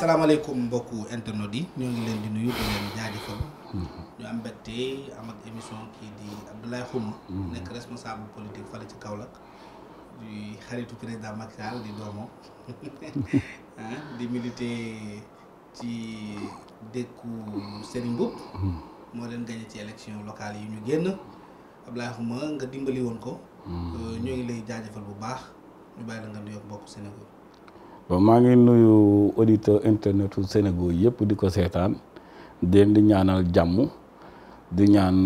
salaamaaleykum mbokku internet yi ñoo ngi leen di nuyu di leen jaajëfal. ñu am mbégte am ak émission kii di Abdoulaye Khouma. nekk responsable politique fale ci Kaolack. di xaritu président Macky Sall di doomo ah, di militer ci dëkku Serigne Mboup. moo leen gagné ci élection locale yi ñu génn Abdoulaye Khouma nga dimbali woon ko. Hmm. Euh, ñoo ngi lay jaajëfal bu baax ñu bàyyi la nga nuyoog mbokku Sénégal. bon maa ngi nuyu auditeur internet u Sénégal yëpp di ko seetaan di leen di ñaanal jàmm di ñaan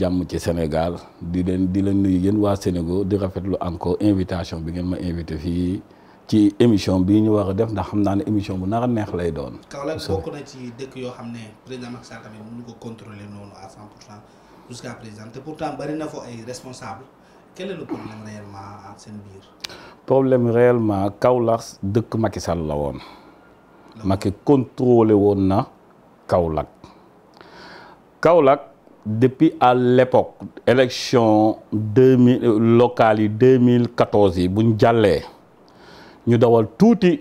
jàmm ci Sénégal di leen di leen nuyu yéen waa Sénégal di rafetlu encore invitation bi ngeen ma invité fii ci émission bii ñu war a def ndax xam naa ne émission bu nar a neex lay doon. Kaolack bokk na ci dëkk yoo xam ne président Macky Sall tamit mënu ko contrôler noonu à 100 pour cent na fo ay responsable quel seen biir. problème réellement Kaolack dëkk Macky Sall la woon Macky contrôlé woon na Kaolack Kaolack depuis à l'époque élection deux locales yi 2014 yi buñ jàllee ñu dawal tuuti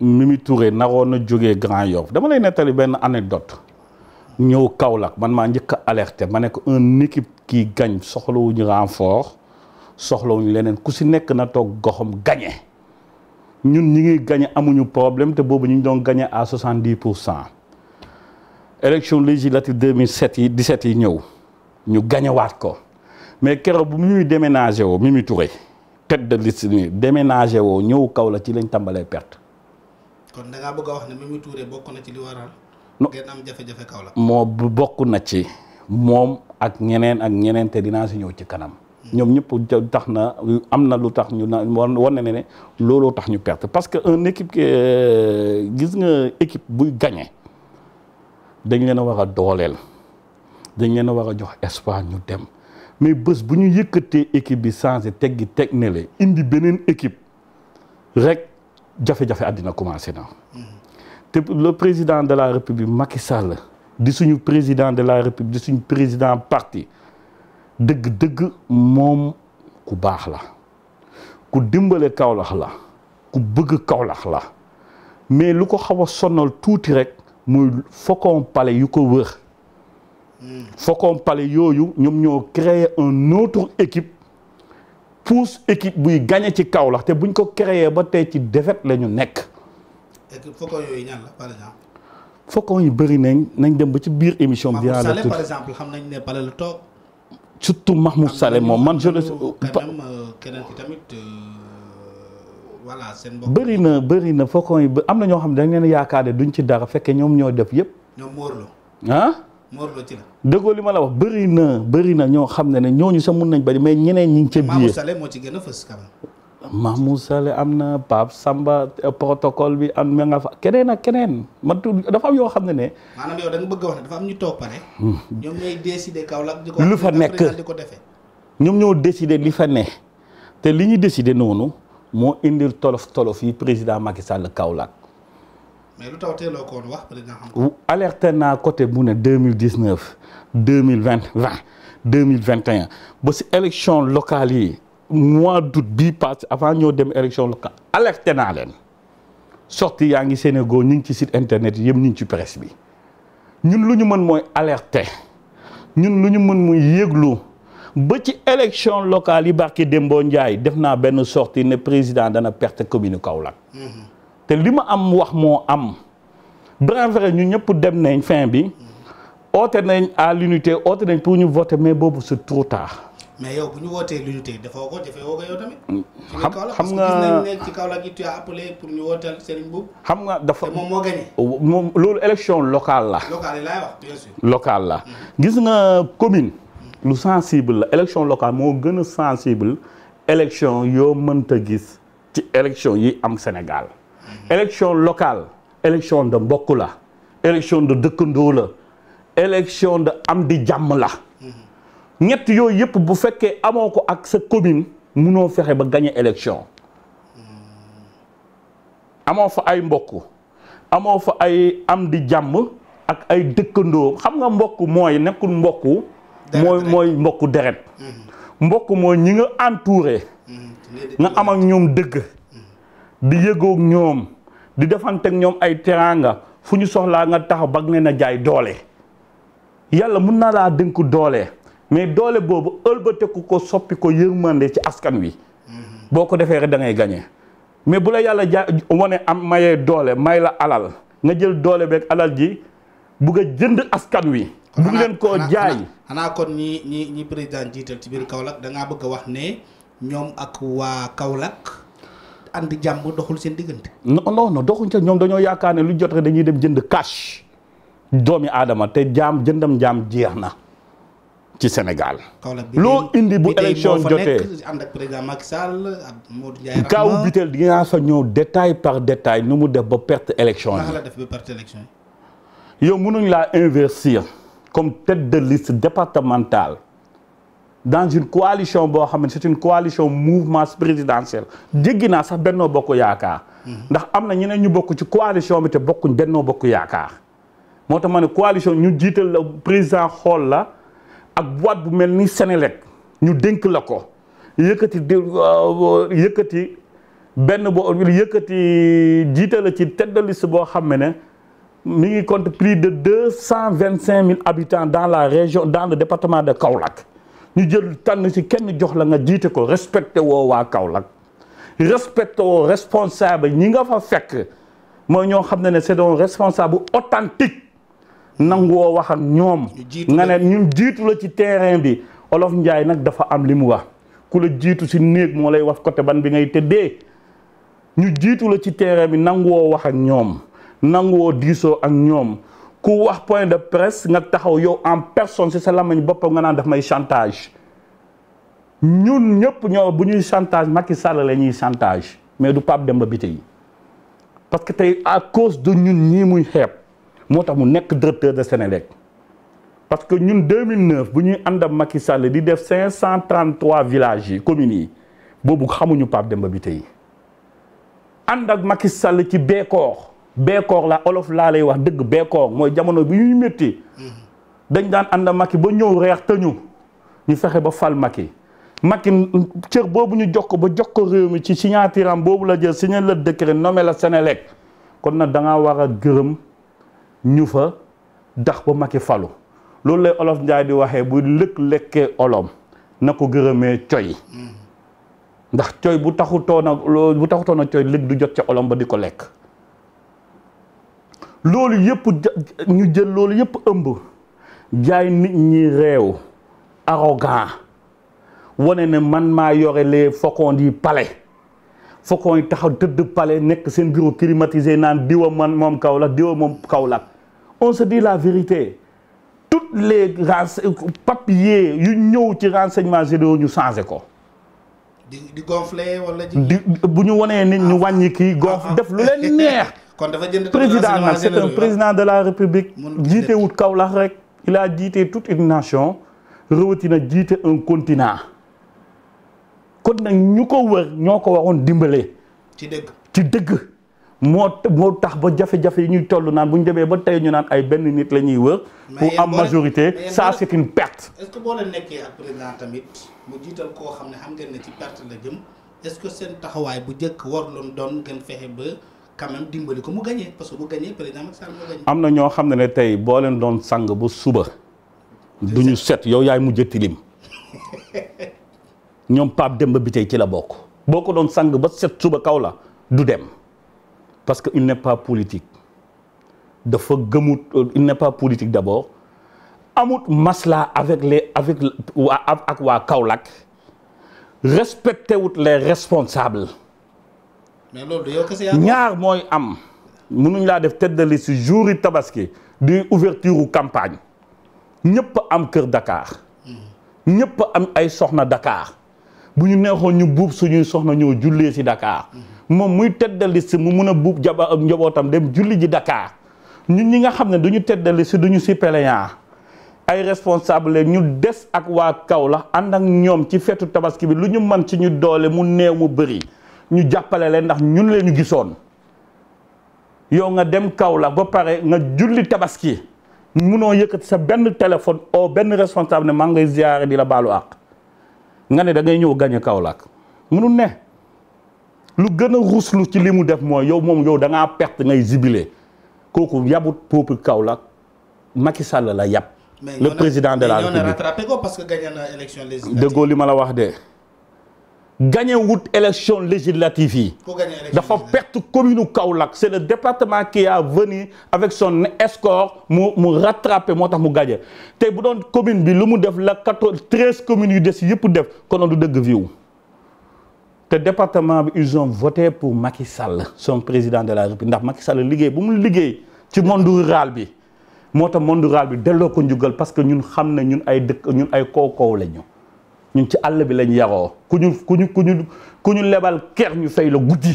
Mimi Touré naroon na jógee Grand Yoff dama lay nettali benn anecdote ñëw Kaolack man maa njëkk alerte alerté ma ne ko un équipe qui gagne soxlawuñu renfort soxlawuñu leneen ku si nekk na toog goxam gañe ñun ñu ngi gañe amuñu problème te boobu ñu ngi doon gañe à soixante dix pour cent élection législative 2007 yi 17 yi ñëw ñu gañewaat ko mais keroog bu ñuy déménagé woo Mimi Touré tête de liste nii woo ñëw kaw la ci lañ tàmbalee perte. kon da ngaa bëgg a wax ne mu Touré bokk na ci li waral. ngeen am jafe-jafe kaw la. moo bokk na ci moom ak ñeneen ak ñeneen te dinaa si ñëw ci kanam. ñoom ñëpp tax na am na lu tax ñu naan war na ne ne looloo tax ñu perte parce que un équipe euh, gis nga équipe buy gagné dañ leen a war a dooleel dañ leen a war a jox espoir ñu dem mais bés bu ñu yëkkatee équipe bi changé teggi teg nele indi beneen équipe rek jafe-jafe àddina commencé na. te le président de la république Macky Sall di suñu président de la république di suñu président partie dëgg-dëgg moom ku baax la ku dimbale kawlax la ku bëgg kawlax la mais lu ko xaw a tuuti rek muy faucon pale yu ko wër hmm. faucon pale yooyu ñoom ñoo créer un autre équipe pousse équipe buy gagné ci Kaolack te buñ ko créer ba tey ci defet la ñu nekk. faucon yooyu ñaan la par exemple. faucon yi bëri nañ nañ dem ba ci biir émission. bi yaa la tudd par exemple xam nañ ne pale la toog surtout mu Saleh moom man je le. Euh, keneen ki tamit euh, voilà seen bëri na bëri na faucon yi am na ñoo xam ne dañ leen yaakaar ne duñ ci dara fekke ñoom ñoo def yëpp. ñoom Morlo. ah. Morlo ci dëggoo li ma la wax bëri na bëri na ñoo xam ne ne ñooñu sax mun nañ bari mais ñeneen ñi ngi ca biir Mahmoud Saleh moo ci gën a fës Mahmoud Saleh am na Pape Samba eh, protocole bi am na nga fa keneen ak keneen man tu dafa am yoo xam ne ne. maanaam bëgg ñu toog pare. Hmm. ñoom lu fa nekk di ko defee. ñoom ñoo décider li fa ne te li ñu décider noonu moo indil tolof tolof yi président Macky Sall Kaolack. mais lu taw teeloo ko woon wax président naa côté bu ne deux mille dix neuf deux mille vingt vingt deux mille vingt et ba si élection locale yi. mois d' bi bii avant ñoo dem élection locale alerté naa leen sorti yaa ngi Sénégal ñu ngi ci site internet yëpp ñu ngi ci presse bi ñun lu ñu mën mooy alerte ñun lu ñu mën muy yëglu ba ci élection locale yi barki Dembo Ndiaye def naa benn sortie ne président dana perte commune Kaolack mm-hmm. te li ma am wax moo am bien vrai ñu ñëpp dem nañ fin bi oote nañ à l'unité oote nañ pour ñu voter mais boobu c'est trop tard mais yow ñu wootee l'unité dafoo ko jafewoo ko yow tamit. Mm. xam xam nga pour ñu wooteel Serigne xam nga dafa te moom moo loolu élection locale la. la mm. gis nga commune. lu sensible la élection local moo gën a sensible élection yoo mënta gis ci élection yi am Sénégal. Mm-hmm. élection local élection de mbokk la. élection de dëkk la. élection de am di jàmm la. ñett yooyu yëpp bu fekkee amoo ko ak sa commune munoo fexe ba gagné élection amoo fa ay mbokk amoo fa ay am di jàmb ak ay dëkkandoo xam nga mbokk mooy nekkul mbokk mooy mooy mbokk deret mm-hmm. mbokk mooy ñi nga entouré mm-hmm. nga am ñoom dëgg mm-hmm. di yëgoog ñoom di defanteeg ñoom ay teraanga fu ñu soxlaa nga tax bag ne na jaay doole yàlla mun na laa dënk doole mais doole boobu ëlbateku ko soppi ko yërmande ci askan wi boo ko defee rek da ngay gañe mais bu la yàlla ja wane am mayee doole may la alal nga jël doole beek alal ji bugg a jënd askan wi. bugg leen koo jaay xanaa kon ñi ñi ñi président jiital ci biir kawlak da bëgg a wax ne ñoom ak waa Kaolack ànd jàmm doxul seen diggante. non non non doxuñ ca ñoom dañoo yaakaar ne lu jot rek dañuy dem jënd cash doomi aadama te jaam jëndam jaam jeex na. ci Sénégal. loo indi bu élection jotee ànd ak président Macky Sall Modou Ndiaye kaaw Bitèle dinaa fa ñëw détail par détail nu mu def ba perte élection yi. la def ba perte élection yi. yow mënuñ laa inversir comme tête de liste départementale dans une coalition boo xam ne c'est une coalition mouvement présidentiel jéggi naa sax Benno Bokk Yaakaar. Mhm. ndax am na ñeneen ñu bokk ci coalition bi te bokkuñ bennoo Bokk Yaakaar. moo tax ma ne coalition ñu jiital la président xool la. ak boîte bu mel ni Senelec ñu dénk la ko yëkkati di euh, yëkkati benn boo yëkkati jiite la ci tête de boo xam ne mu ngi compte plus de deux cent vingt cinq mille habitants dans la région dans le département de Kaolack ñu jël tànn ci kenn jox la nga jiite ko respecté woo waa Kaolack respecté woo responsable ñi nga fa fekk mooy ñoo xam ne ne c'est donc responsable authentique nanguwoo wax ak ñoom nga ne ñun jiitu la ci terrain bi olof njaay nag dafa am li mu wax ku la jiitu si néeg moo lay wax côté ban bi ngay tëddee ñu jiitu la ci terrain bi nanguwoo wax ak ñoom nanguwoo diisoo ak ñoom ku wax point de presse nga taxaw yow en personne si sa lamañ boppam nga naan daf may chantage ñun ñëpp ñoo bu ñuy chantage Macky Sall la ñuy chantage mais du Pape Demba biti yi parce que tey à cause de ñun ñii muy xeeb moo tax mu nekk directeur de Sénélec parce que ñun 2009 bu ñuy ànd ak Macky Sall di def 533 villages yi communes yi boobu xamuñu Pape Demba bi yi ànd ak Macky Sall ci beekoor beekoor la olof laa lay wax dëgg beekoor mooy jamono bi ñuy métti dañ daan ànd ak Macky ba ñëw reex tëñu ñu fexe ba fal Macky Macky cër boobu ñu jox ko ba jox ko réew mi ci signaturam boobu la jël signé la décret nommé la Sénélec kon nag da ngaa war a gërëm. ñu fa dax ba Macky falu loolu lay olof Njaay di waxee bu lëkk lekkee olom na ko gërëmee coy ndax coy bu taxutoon a bu taxutoon coy lëg du jot ca olom ba di ko lekk loolu yëpp ñu jël loolu yëpp ëmb jaay nit ñi réew arrogant wone na man maa yore les faucons du palais faucon yi taxaw tëdd palais nekk seen bureau climatisé naan diwa man moom Kaolack diwa moom Kaolack on se di la vérité tout les rense papiers yu ñëw ci renseignement généraux ñu changé ko. di di gonflé wala bu ñu wanee nit ñu wàññi kii gonf ah, ah, ah. def lu leen neex. kon dafa jënd président nag c'est un président de la république. jiite wut Kaolack rek il a jiite toute une nation rawatina jiite un continent. kon nag ñu ko wër ñoo ko waroon dimbalee. ci dëgg ci dëgg. moo moo tax ba jafe-jafe yi ñuy toll naan bu ñu demee ba tey ñu naan ay benn nit la ñuy wër. pour am majorité ça c'est perte. est boo leen nekkee ak tamit mu koo xam ne xam ngeen ne ci perte la jëm est-ce que seen taxawaay bu njëkk war loon doon ngeen fexe ba quand dimbali ko mu gagné parce que bu gagné président Macky Sall mu gagné. am na ñoo xam ne ne tey boo leen doon sang ba suba. du ñu set yow yaay mujj tilim. ñoom Pape Demba bi tey ci la bokk boo ko doon sang ba set suba kaw la du dem parce que il n'est pas politique dafa gëmut euh, il n'est pas politique d'abord amut masla avec les avec waa ak waa Kaolack respecté wut les responsables. mais loolu ñaar mooy am. mënuñ laa def tête de liste jour yi tabaski di ouverture campagne ñëpp am kër dakaar hmm. ñëpp am ay soxna dakaar bu ñu neexoon ñu buub suñuy soxna ñoo jullee si dakaar moom muy tête de mu mun a buub jabar ak njabootam dem julli ji dakaar ñun ñi nga xam ne du ñu tête de si pléian ay responsable ñu des ak waa Kaolack ànd ak ñoom ci fetu tabaski bi lu ñu mën ci ñu doolee mu néew mu bëri ñu jàppale leen ndax ñun leen ñu gisoon yow nga dem Kaolack ba pare nga julli tabaski munoo yëkkati sa benn téléphone oo benn responsable ne maa ngay ziyaare di la baalu àq nga ne da ngay ñëw gañe Kaolack mënul ne lu gën a ruslu ci li mu def mooy yow moom yow dangaa perte ngay zibilé kooku yabut peuple Kaolack Macky Sall la yab. le président de la République parce que na élection législative déggoo li ma la wax de. gagné wut élection législative yi dafa perte commune Kaolack c'est le département ki a venu avec son escort mu mu rattrapé moo tax mu gagné tey bu doon commune bi lu mu def la quatorze treize communes yu des yëpp def konoon du dëgg viwu te département bi ils ont voté pour Macky Sall son président de la République ndax Macky Sall liggéey bu mu liggéey ci monde rural bi moo tax monde rural bi delloo ko njugal parce que ñun xam na ñun ay dëkk ñun ay kaw kaw la ñu ñun ci àll bi lañ ñu ku ñu ku ñu ku ñu lebal ñu fay la guddi.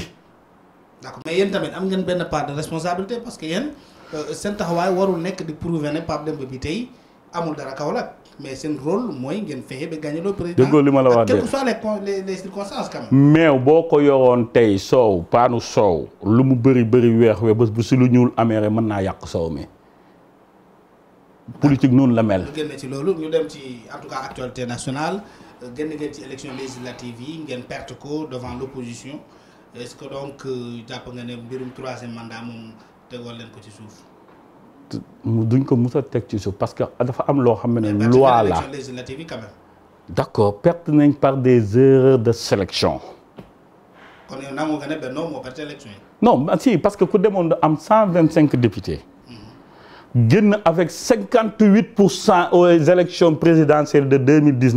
d'accord mais yéen tamit am ngeen benn part de responsabilité parce que yéen euh, seen taxawaay warul nekk di prouver ne Pape Demba bi tey amul dara Kaolack mais seen rôle mooy ngeen fexe ba gagné le président. li ma la wax de quelles que soient les les circonstances quand meew boo ko yoroon tey soow paanu soow lu mu bëri bëri weex we bés bu si lu ñuul amee rek mën naa yàq soow mi. politique noonu la mel. génn ñu dem ci en tout cas actualité nationale. génn ngeen ci élection législative yi ngeen perte ko devant l'opposition est-ce que donc euh, jàpp nga ne mbirum troisième mandat moom tegoon leen ko ci suuf. duñ ko mus a teg ci suuf parce que dafa am loo xam ne loi la législative yi quand même. d'accord perte nañ par des erreurs de sélection. kon yow nangu nga ne Benno moo perte élection yi. non si parce que ku demoon am cent vingt cinq députés. Mm-hmm. génn avec cinquante huit pour cent aux élections présidentielles de deux mille dix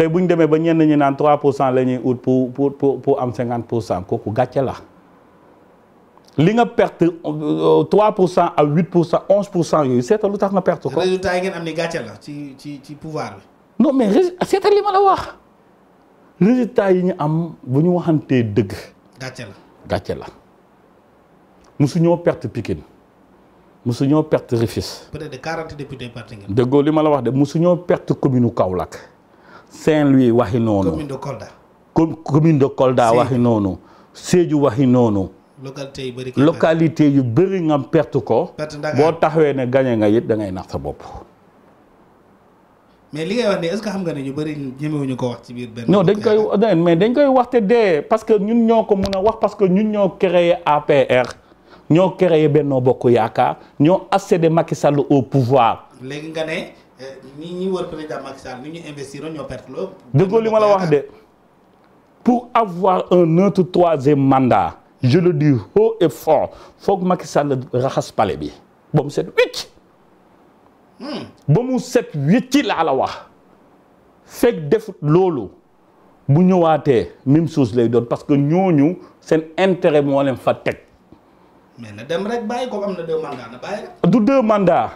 tey bu ñu demee ba ñenn ñi naan 3 pour cent la ñuy ut pour pour pour pour am 50 pour cent kooku gàcce la li nga perte 3 euh, pour cent ak 8 pour cent 11 pour cent yooyu seetal lu tax nga perte ko. résultat yi ni gàcce la ci ci ci mais seetal yi ñu am bu ñu waxantee dëgg. gàcce la gàcce la musu ñoo perte Pikine su ñoo perte Rufisque. peut-être de 40 députés parti ngeen. déggoo li ma la wax de musu ñoo perte commune Kaolack. Saint-Louis waxi noonu. commune de Kolda. commune de Kolda waxi noonu. Sédhiou waxi noonu. localité yu bëri localité yu bëri nga perte ko. boo taxawee ne gañe nga it da ngay nax sa bopp. mais li ngay wax ne xam nga ne ñu bëri ñemewuñu ko wax ci biir benn. non dañ mais dañ koy wax te dee parce que ñun ñoo ko mun a wax parce que ñun ñoo créé APR. ñoo créé Benno Bokk Yaakaar ñoo accédé Macky Sall au pouvoir. léegi nga Eh, ñi ñi wër président Macky Sall ni li ma la wax de pour avoir un autre troisième mandat je le dis haut et fort foog Macky Sall raxas palais bi ba mu set wicc. Hmm. ba mu set wicc laa la wax. fekk def loolu bu ñëwaatee même chose lay doon parce que ñooñu seen intérêt moo leen fa teg. du deux mandats.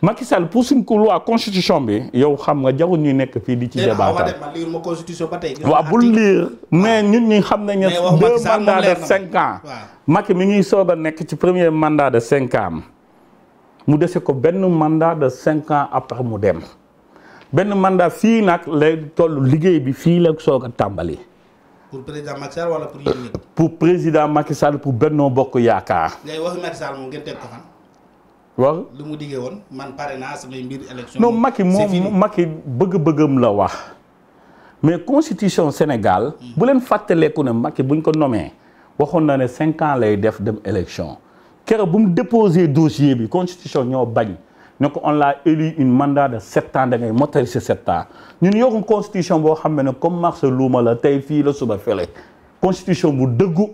Macky Sall pour suñ ko loi constitution bi yow xam nga jarul ñuy nekk fii di ci débat waa bul liir mais ñun ñi xam nañ ne deux mandats de cinq ans Macky mi ngi soog a nekk ci premier mandat de cinq ans mu dese ko benn mandat de cinq mu dem benn mandat fii nag lay toll liggéey bi fii la soog a tàmbali pour président Macky pour yéen président Macky Sall pour Benno Bokk Yaakaar. waaw lu mu diggee woon man pare naa samay mbir élection. non Macky moom Macky bëgg-bëggam la wax mais constitution Sénégal. Hmm. bu leen fàttaleeku ne Macky buñ ko nommee waxoon na ne cinq lay def dem élection kere bu mu déposé dossier bi constitution ñoo bañ ne ko on l'a élu une mandat de sept ans da ngay motali si sept ans ñun yoruñ constitution boo xam ne ne comme marché luuma la tey fii la suba fële constitution bu dëggu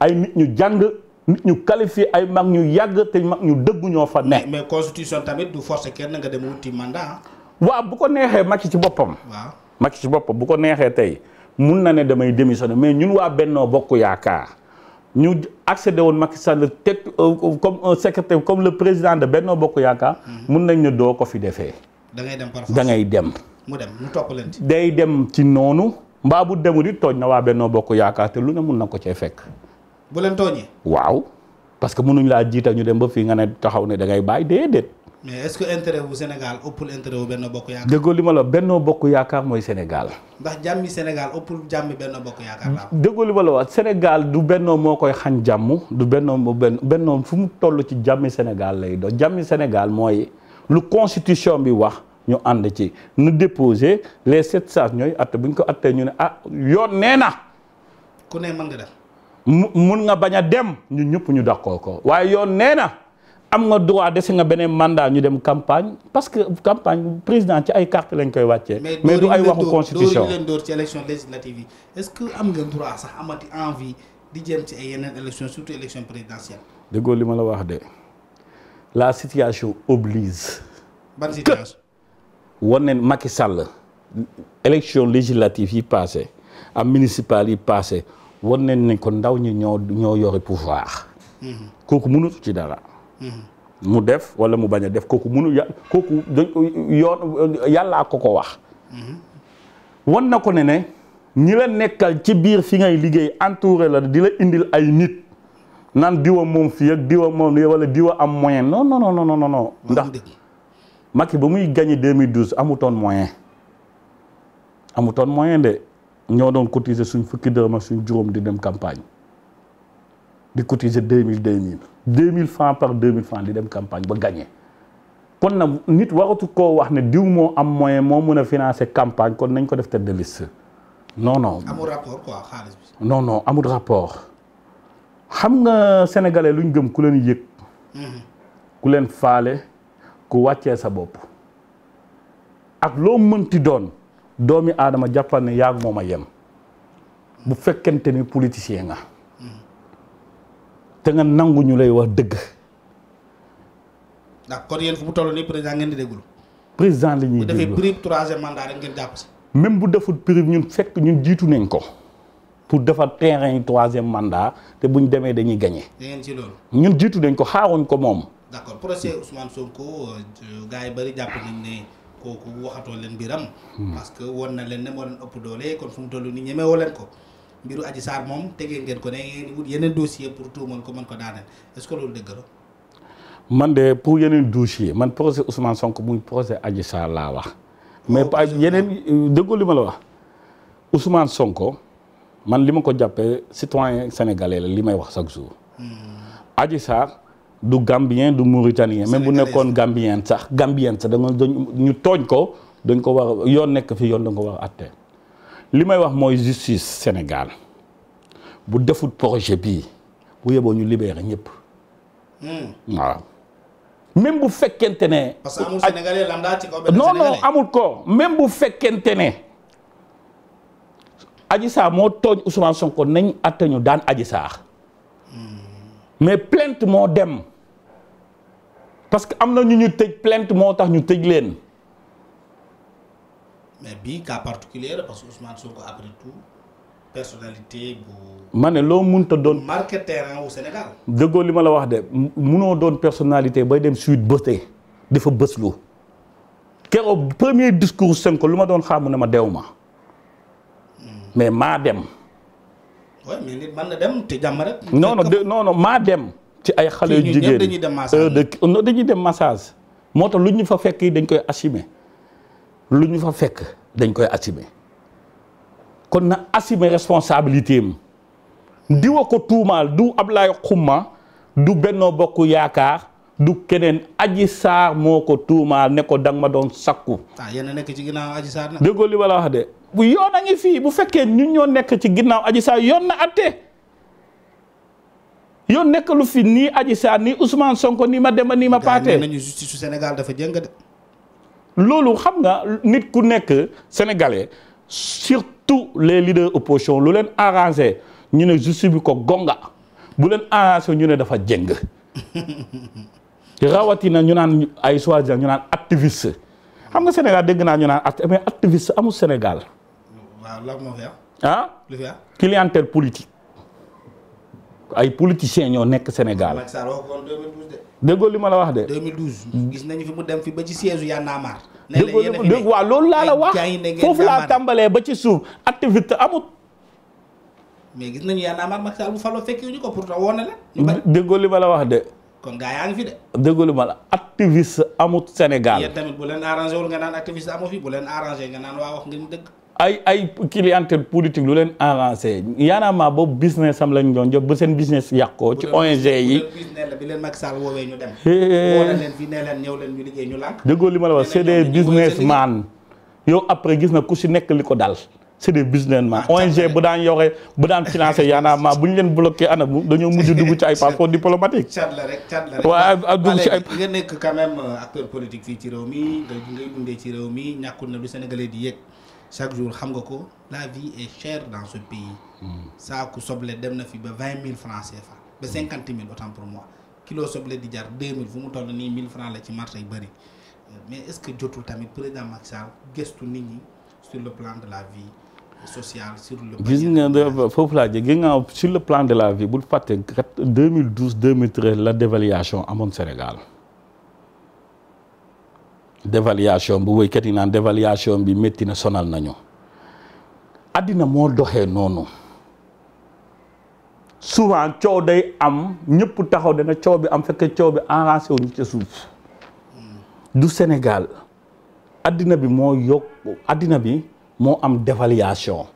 ay nit ñu jàng. nit ñu qualifié ay mag ñu yàgg te mag ñu dëggu ñoo fa ne. mais constitution tamit du forcer kenn nga dem wuti mandat. waaw bu ko neexee Macky ci boppam. waaw Macky ci boppam bu ko neexee tey mun na ne damay démissionner mais ñun waa Bennoo Bokk Yaakaar ñu accédé woon Macky Sall teg euh, comme un secrétaire comme le président de Bennoo Bokk Yaakaar. Mhm. mun nañ ne doo ko fi defee. dangay dem par da ngay dem. mu dem mu topp leen ci. day dem ci noonu. mbaa bu demu it tooñ na waa Bennoo Bokk Yaakaar te lu ne mun na ko cee fekk. bu leen tooñee. waaw parce que mënuñ laa jiital ñu dem ba fii nga ne taxaw ne dangay ngay bàyyi déedéet. mais est-ce que intérêt wu Sénégal ëppul intérêt wu Benno Bokk Yaakaar. déggoo li ma la Benno Bokk mooy Sénégal. ndax jàmmi Sénégal ëppul jàmmi Benno Bokk Yaakaar la. déggoo li ma la wax Sénégal du bennoo moo koy xañ jàmm du Benno mu benn Benno fu mu toll ci jàmmi Sénégal lay doon jàmmi Sénégal mooy lu constitution bi wax ñu ànd ci nu déposer les sept sages ñooy atte bu ñu ko attee ñu ne ah yoon nee na. ku ne mën def. mun nga bañ a dem ñun ñëpp ñu d'accord ko waaye yoon nee na am nga droit dese nga beneen mandat ñu dem campagne parce que campagne président ci ay carte lañ koy wàccee. mais du ay waxu constitution mais leen door ci yi est-ce que am nga droit sax amati envie di jëm ci ay yeneen élection surtout élection présidentielle. déggoo li ma la wax de la situation oblige. ban situation wan neen Macky Sall élection législative yi passé am municipal yi passé wan nañ ne kon ndaw ñi ñoo ñoo yori pouvoir. kooku mënatu ci dara. mu def wala mu bañ a def kooku mënu ya kooku yoon yàllaa ko ko wax. wan na ko ne ne ñi la nekkal ci biir fi ngay liggéey entouré la di la indil ay nit. naan diwa moom fii ak diwa moom lii wala diwa am moyen non non non non non. ndax Macky ba muy gagné 2012 amutoon moyen. amutoon moyen de. ñoo doon cotiser suñ fukki dërëm ak suñ juróom di dem campagne di cotiser deux mille deux mille deux mille francs par deux mille francs di dem campagne ba gagné kon na nit waratu koo wax ne diw moo am moyen moo mën a financé campagne kon nañ ko def tête de liste non non. amul rapport xam nga sénégalais luñ gëm ku leen yëg. Mhm. ku leen faale ku wàccee sa bopp. ak loo mënti doon. doomi aadama jàppal ne yaag moom a yem bu fekkente ni politicien nga te nga nangu ñu lay wax dëgg. ndax kon yéen fu mu toll nii président ngeen di déglu. président la ñuy déglu bu defee prime troisième jàpp si. même bu deful prime ñun fekk ñun jiitu nañ ko. pour defar terrain yi troisième mandat te buñ demee dañuy gagné. dangeen ñun jiitu nañ ko xaaruñ ko moom. d'accord procès Ousmane Sonko euh, gars yi bari jàpp kooku waxatoo leen mbiram. Hmm. parce que woon na leen ne moo leen ëpp doole kon fu mu toll nii ñemewoo leen ko. mbiru Adji moom tegee ngeen ko ne ngeen wut yeneen dossier pour tuumal ko mën ko daaneel est-ce que loolu dëgg man de pour yeneen dossier man procès Ousmane Sonko muy procès Adji Sarr laa wax. mais oh, pas yeneen dëggoo li ma la wax Ousmane Sonko man li ma ko jàppee citoyen sénégalais la li may wax chaque jour. Hmm. du gambien du mauritanien même bu nekkoon gambien sax gambien sax da nga ñu tooñ ko dañ ko war yoon nekk fi yoon da nga ko war a li may wax mooy justice Sénégal bu defut projet bii bu yeboo ñu libéré ñëpp hmm. waaw même bu fekkente ne. parce que amul sénégalais lambda amul ko même bu fekkente ne Adji Sarr moo tooñ Ousmane Sonko nañ atte ñu daan Adji Sarr mais plainte moo dem parce que am na ñu ñu tëj plainte moo tax ñu tëj leen. mais bii cas particulier parce que ma ne loo mënta doon. marqué terrain au dëggoo li ma la wax de munoo doon personnalité bay dem suite bëte dafa bëslu keroog premier discours ko lu ma doon xaamu na ma dew ma hmm. mais maa dem. waaw mais nit mën na dem te jàmm rek. non maa dem. ci ay xale yu jigéen dañuy dem massage euh, dañuy dem massage moo tax lu ñu fa fekk dañ koy assumer lu ñu fa fekk dañ koy assumer kon na assumer responsabilité am di ko tuumaal du Ablaye Xuma du Benno Bokk Yaakaar du keneen aji saar moo ko tuumaal ne ko danga ma doon sakku. ah yéen a nekk ci ginnaaw aji saar nag. déggoo la wax de bu yoon a fii bu fekkee ñu ñoo nekk ci ginnaaw aji saar yoon na atte yoon nekk fi nii aji saar nii Ousmane Sonko nii ma dema nii ma paatee. nañu justice Sénégal dafa jëng loolu xam nga nit ku nekk sénégalais surtout les leaders opposition lu leen arrangé ñu ne justice bi ko gonga bu leen arrangé ñu ne dafa jëng. rawatina ñu naan ay choisir ñu naan activiste xam nga Sénégal dégg naa ñu naan acti mais activiste amul Sénégal. waaw lan moo fi am. Ah? nekk Sénégal. Macky Sall déggoo li ma la wax de. Hmm. gis nañu fi mu dem fi ba ci siège Y'en a marre. ne la dégg waaw tàmbalee ba ci suuf activiste amut. mais gis nañu Y'en a marre Macky Sall bu déggoo li ma la wax de. kon gaa yaa ngi fi de. dëggalu ma la activiste amut Sénégal. yéen tamit bu leen arrangé wul nga naan activiste amu fi bu leen arrangé nga naan waa wax ngeen dëgg. ay ay clientèle politique lu leen arrangé yaanaamaa boobu business am lañ doon jox ba seen business yàqoo ci ONG yi. business la bi leen Macky ñu dem. woo leen fi ñëw leen ñu ñu lànk. dëggoo li ma la wax c'est des businessman yow après gis na ku si nekk li ko daal c'est des businessmen ONG bu daan yore bu daan financé yaanaama bu ñu leen bloqué anamu dañoo mujj dugg ci ay passeport diplomatique. cat la rek cat la rek waaw dugg ci ay. nga nekk quand euh, acteur politique fii ci réew mi nga ngay dundee ci réew mi ñàkkul na lu Sénégalais di yëg chaque jour xam nga ko la vie est chère dans ce pays. saaku hmm. soble dem na fi ba vingt mille francs fa ba hmm. cinquante mille autant pour moi kilo soble di jar deux mille fu mu nii mille francs ci marché yu bëri euh, mais est que jotul tamit président Macky Sall gëstu nit ñi sur le plan de la vie. social sur le gis nga foofu laa jël ginnaaw sur le plan de la vie bul fàtte kat 2012 2013 la dévaluation amoon Sénégal dévaluation bu woykat yi naan dévaluation bi métti na sonal nañu addina moo doxee noonu souvent coow day am ñëpp taxaw dana coow bi am fekk coow bi enrancé wuñu ca suuf hmm. du Sénégal àddina bi moo yokk àddina bi moo am dévaluation.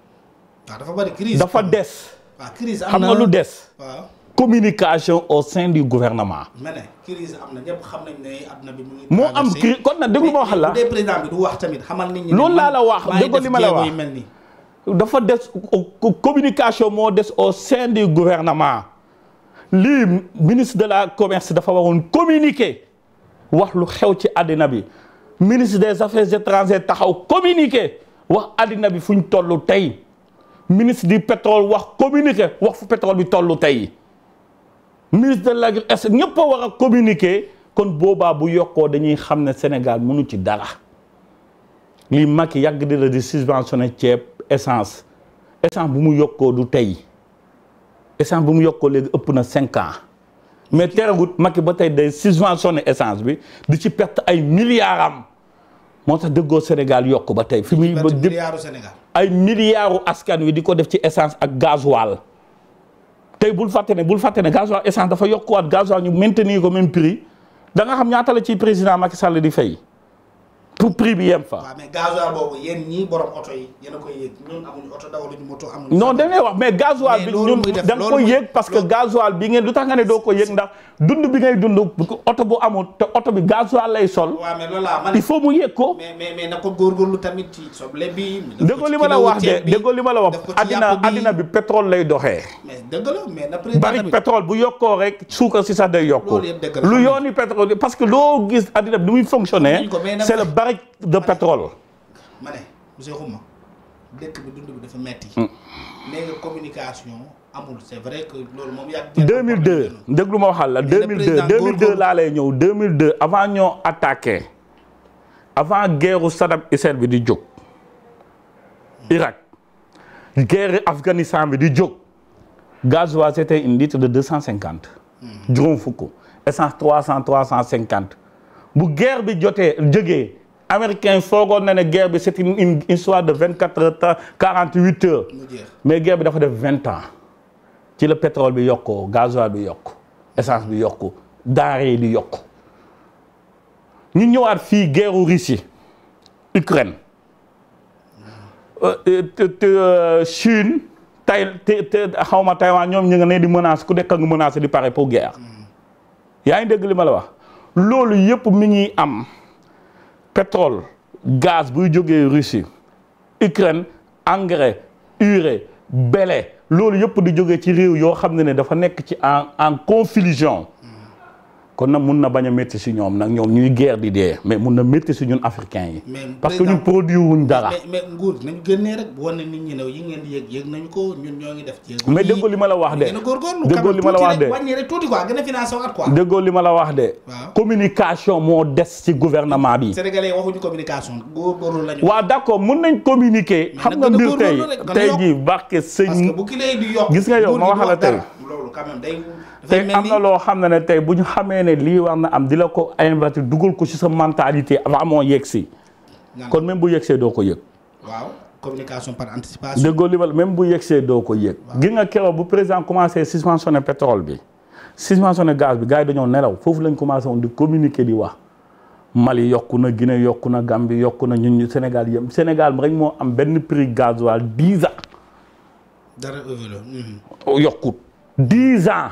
Ah, dafa bari crise dafa des. Ah, crise xam nga lu des. communication au sein du gouvernement. ma ne crise na ñëpp xam nañ ne àdduna bi mu moo am kon nag déglu ma wax la bu président bi wax tamit xamal nañ. loolu laa la wax dégg li ma la wax dafa des communication moo des au sein du gouvernement lii ministre de la commerce dafa waroon communiquer wax lu xew ci àddina bi ministre des affaires étrangères taxaw communiquer wax àddina bi fu fuñ toll tey ministre du pétrole wax communiqué wax fu pétrole bi toll tey ministre de l'agriculture ñëpp a war a communiquer kon boobaa bu yokkoo dañuy xam ne Sénégal mënu ci dara lii Macky yàgg di la di subventionné ceeb essence essence bu mu yokkoo du tey essence bu mu yokkoo léegi ëpp na cinq ans mais terewut Macky ba tey day subventionné essence bi di ci perte ay milliards am moo tax dëggoo Sénégal yokk ba tey fi muy ba ay milliards askan wi di ko def ci essence ak gasoil tey bul fàtte ne bul fàtte ne gasoil essence dafa yokkuwaat gasoil ñu maintenir ko même prix da xam ñaata la ci président Macky Sall di fay pour prix bi yem fa. waaw mais a wax mais gasoil bi ñun da nga koy parce que gasoil bi ngeen lu tax nga ne doo ko yéeg ndax dund bi ngay dund oto bu amul te bi gasoil lay sol. il faut mu yéeg ko. mais mais la wax de dëgg li la wax addina bi pétrole lay doxee. bari pétrole bu yokkoo suukar si sax day yokku. lu yooni pétrole parce que loo gis addina bi ni muy fonctionner c'est le barrique de pétrole. ma ne monsieur Xuma dëkk bi dund bi dafa metti. nee hmm. nga communication amul c'est vrai que loolu moom yàgg. 2002 déglu ma waxal la 2002 2002 laa lay ñëw 2002 avant ñoo attaqué avant guerru Saddam Hussein bi di jóg. Hmm. Irak guerre Afghanistan bi di jóg gasoil c'était une litre de cent cinquante. Hmm. juróom fukk cent trois cinquante bu guerre bi jotee jógee. américain foogoon na ne guerre bi c'est une une histoire de vingt quatre heures quarante huit heures. mais guerre bi dafa de vingt ans. ci la pétrole bi yokkoo gasoil bi yokku essence bi yokku denrées yi di yokku ñu ñëwaat fii guerru Russie Ukraine euh, euh, euh, Chine tay te xawma Taïwan ñoom ñu nga ne di menace ku nekk nga menacé di pare pour guerre mm. yaa ngi dégg li ma la wax loolu yëpp mi ngi am. pétrole gaz buy jógee Russie Ukraine engrais urée blé loolu yëpp di jógee ci réew yoo xam ne ne dafa nekk ci en en confusion kon nag mun na bañ a métti si ñoom nag ñoom ñuy guerre di dee mais mun na métti si ñun africain yi. parce que ñun produit wuñ dara. mais mais nguur nañu génnee rek yi ngeen di yëg yëg nañu ko ñun ñoo ngi def. mais li ma wax de. déggoo li ma la wax de wàññi rek tuuti li ma la wax de. communication moo des ci gouvernement bi. sénégalais waxuñu communication góorgóorlu lañu. waaw d' accord mun nañ communiquer. xam nga mbir tey tey jii barke sëñ. parce que bu kilee di yokk gis nga yow ma wax la tey loolu quand même te am na loo xam ne ne tey bu ñu xamee ne lii war na am di la ko invité dugal ko ci sa mentalité avant moo yegg si. kon même bu yegsee doo ko yëg. waaw communication par anticipation. déggoo li même bu yegsee doo ko yëg. gi nga keroog bu président commencé suspensionné pétrole bi. suspensionné gaz bi gars yi dañoo nelaw foofu lañ commencé woon di communiquer di wax. Mali yokku na Guinée yokku na Gambie yokku na ñun ñu Sénégal yëm Sénégal rek moo am benn prix gasoil dix ans. dara mhm. yokku dix ans.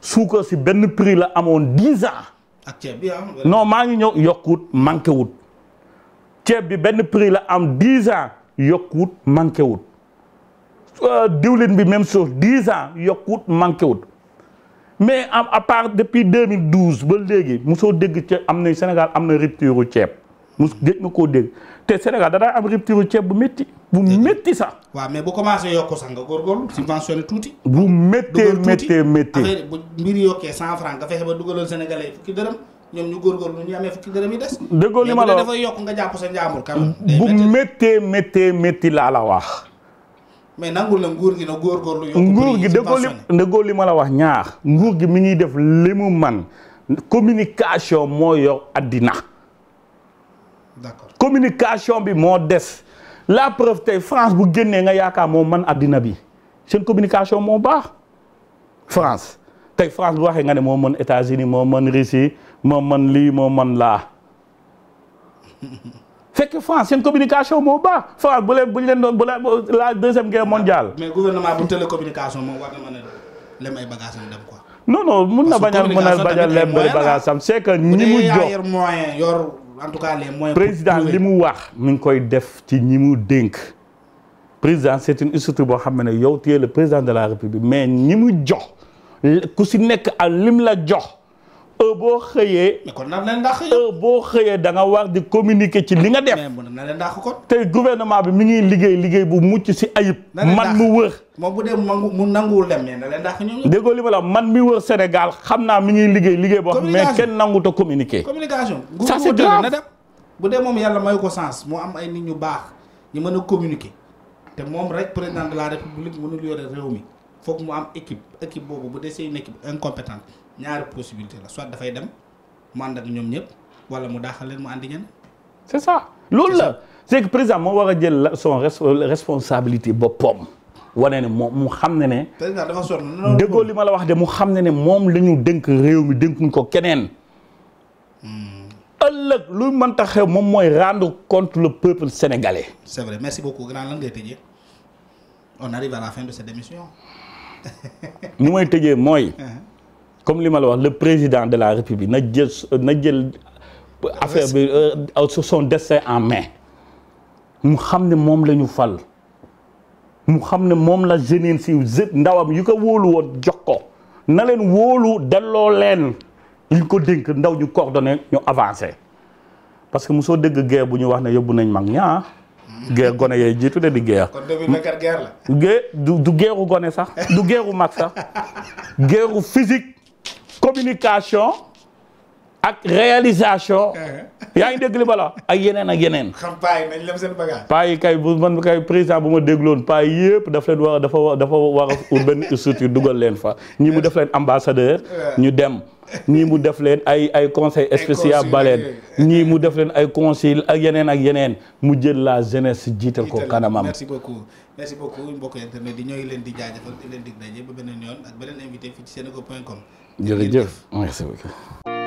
suukar si benn prix la amoon dix ans. ak ceeb bi maa ngi ñëw yokkut manqué wut. ceeb bi benn prix la am dix ans yokkut manqué wut. Euh, diwlin bi même chose dix ans yokkut manqué wut. mais à part depuis 2012 ba léegi mosoo dégg ceeb am na Sénégal am na rupture ceeb. mus géej na koo dégg te Sénégal danaa am rupture ceeb bu métti bu métti sax. waa mais bu commencé yokk sax nga góorgóorlu subventionné tuuti. bu méttee méttee bu mbir yokkee cent franc nga fexe ba dugaloon sénégalais yi fukki dërëm ñoom ñu góorgóorlu ñu ma la yokk nga jàpp sa njàmbur. kanam bu méttee méttee métti laa la wax. mais nangul la nguur gi na góorgóorlu. yokk nguur gi déggoo li déggoo li ma la wax ñaax nguur gi mi ngi def li mu man communication moo yor addina communication bi moo des la preuve te France bu génne nga yaakaar moom man àddina bi seen communication moo baax France tey France bu waxee nga ne moo mën États-Unis moo mën Russie moo mën lii moo mën laa fekk France seen communication moo baax France bu leen bu ñu leen doon bu la la deuxième guerre mondiale. mais gouvernement bu télécommunication moom war na non non mun na bañ a mun a bañ a lem bëri mu jox en tout cas les moyens président li mu wax mi ngi koy def ci ñi mu dénk président c' est une structure boo xam ne yow tu es le président de la république mais ñi mu jox ku si nekk ak lim la jox heure boo xëyee. mais na leen dàq boo xëyee da nga war di communiquer ci li nga def. mais na leen dàq kon. tey gouvernement bi mu ngi liggéey liggéey bu mucc si ayib. man mu wër. moom bu dee mu nanguwul dem mais na leen dàq ñoom ñoom. déggoo li man mi wër Sénégal xam naa mi ngi liggéey liggéey boo xam mais kenn nangu ta communiquer. communication ça dem. bu dee moom yàlla may ko sens mu am ay nit ñu baax ñu mën a communiquer te moom rek président de la république mënul yore réew mi foog mu am équipe équipe boobu bu dee c'est une équipe incompétente ñaari possibilité la soit dafay dem mu ànd ak ñoom ñëpp wala mu daaxal leen mu àndi ñenn. c' ça loolu la c' est que président moo war a jël la son responsabilité boppam. wane ne moom mu xam ne ne. président dafa sonn déggoo li ma la wax de mu xam ne ne moom la ñu dénk réew mi dénkuñ ko keneen. Hmm. ëllëg lu man tax xew moom mooy rendre compte le peuple sénégalais. c' vrai merci beaucoup grand lan ngay tëjee on arrive à de cette émission. ñu may tëjee mooy. Uh-huh. comme li ma la wax le président de la république na jël na jël affaire bi sur euh, son destin en main mu xam ne moom lañu fal mu xam ne moom la jeunesse si ndawam yu ko wóolu woon jox ko na leen wóolu delloo leen liñ ko dénk ndaw ñu coordonné ñu avancé parce que mosoo dégg guerre bu ñu wax ne yóbbu nañ mag ñaa guerre gone yooyu jiitu de di guerre. kon début du du gone sax du guerre mag sax guerre physique. communication ak réalisation. Uh-huh. yaa ngi dégg li bala ak yeneen ak yeneen. xam paa yi nañ lem seen bagage. paa yi kay bu man kay président bu ma dégloon paa yi yëpp daf leen war dafa war dafa war a benn structure dugal leen fa ñii mu def leen ambassadeur. Uh-huh. ñu dem. ñii mu def leen ay ay conseil spécial baleen ñii mu def leen ay conseil ak yeneen ak yeneen mu jël la jeunesse jiital ko kanamam. merci beaucoup merci beaucoup mbokk internet yi ñoo leen di jaajëfal di leen dig daje ba beneen yoon jërëjëf merci beaucoup